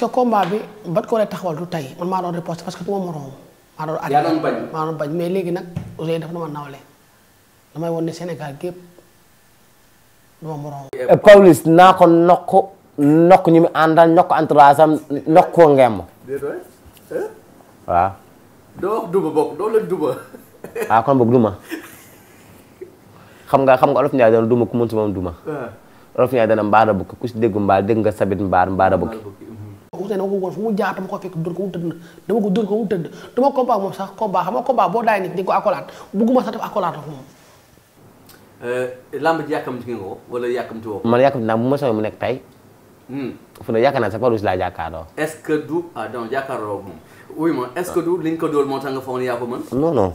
parce bi ban ko lay taxawal parce que du ma léegi nag Ouzin na ma nawle damay woon ne Sénégal gépp du ma moroom. Pawlish naa ko nokk nokk ñu mu àndal nokk am nokk ko ngem. waaw. Ah, kon boog duma xam nga xam nga olof Ndiaye dana duma ku mën si duma. Ah. olof Ndiaye dana mbaara bukki ku si déggu mbaar dégg nga sabit mbaar mbaara bukki. ko Ousseyn dama ko woon fu mu jaar dama ko fekk dóor ko mu tëdd dama ko dóor ko mu tëdd dama combat moom sax combat xam nga combat boo daay nit di ko accolade bugguma sax def accolade ak moom. Euh, lamb ji yàkkamti nga ko wala yàkkamti woo. man yàkkamti naa bu ma soobee mu nekk tey. Hmm. fu ne yaakaar naa sax Pawlish laa jàkkaarloo. est-ce que du ah non jàkkaarloo moom oui ma est-ce que du liñ ko dóor moo tax nga foog ne yaa ko mën. non non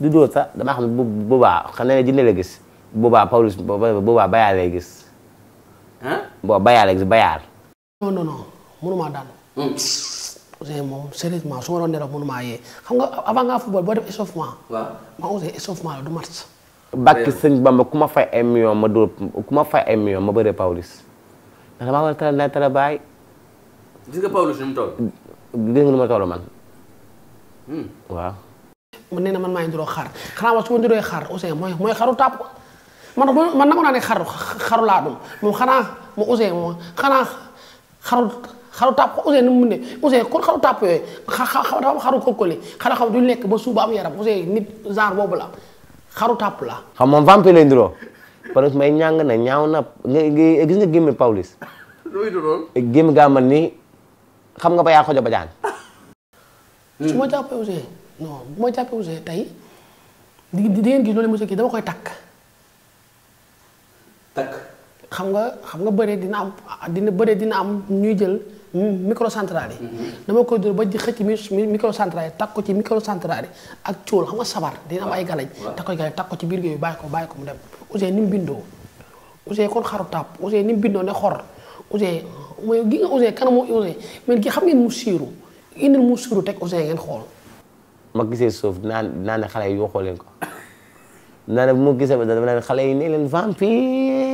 du dóor sax damaa xam bu boobaa xam na ne dina la gis boobaa Pawlish boobaa bayaar lay gis. ah boobaa bayaar lay gis bayaar. non non non. mënumaa daanu. Hmm. Ousseyn moom sérieusement su ma doon nelaw mënumaa yee avant ngaa football boo def échauffement. waaw ma Ousseyn ma fay ay million ma dóor ma fay ay million ma bëree Pawlish ndax damaa war a man. Hmm. na man maa ngi ndiroo xar xanaa wax su ma ndiroo xar mooy mooy xaru tàpp man man nangu naa ne laa dum moom xanaa mu Ousseyn moom xanaa xaru. xaru tàpp Ousseyn ni mu xam lekk ba suuba am yaram Ousseyn nit genre boobu la xaru tàpp la. xam moom vampire lay ndiroo par na ñaaw na gis nga gémmi Pawlish. loolu nga ba yaa xojo ba jaan. su ma jàppee Ousseyn non ma jàppee Ousseyn tey di di ngeen gis loolu monsieur kii dama koy takk. takk. xam nga xam nga bëre dina am dina bëre dina am ñuy jël. microcentrale yi. Mm-hmm. dama koy dóor ba di xëcc microcentrale yi takk ko ci microcentrale yi ak cóol xam nga sabar dina am ay galañ. waaw takk ko galañ takk ko ci biir géej bàyyi ko bàyyi ko mu dem. Ouzin ni mu bindoo Ouzin kon xaru tàpp Ouzin ni mu bindoo ne xor Ouzin mooy gi nga gi xam mu siiru indil mu siiru teg Ouzin ngeen xool. ma gisee suuf dinaa dinaa ne xale yi yoo xoolee ko dinaa ne bu gisee ba dama ne xale yi ne leen vampire.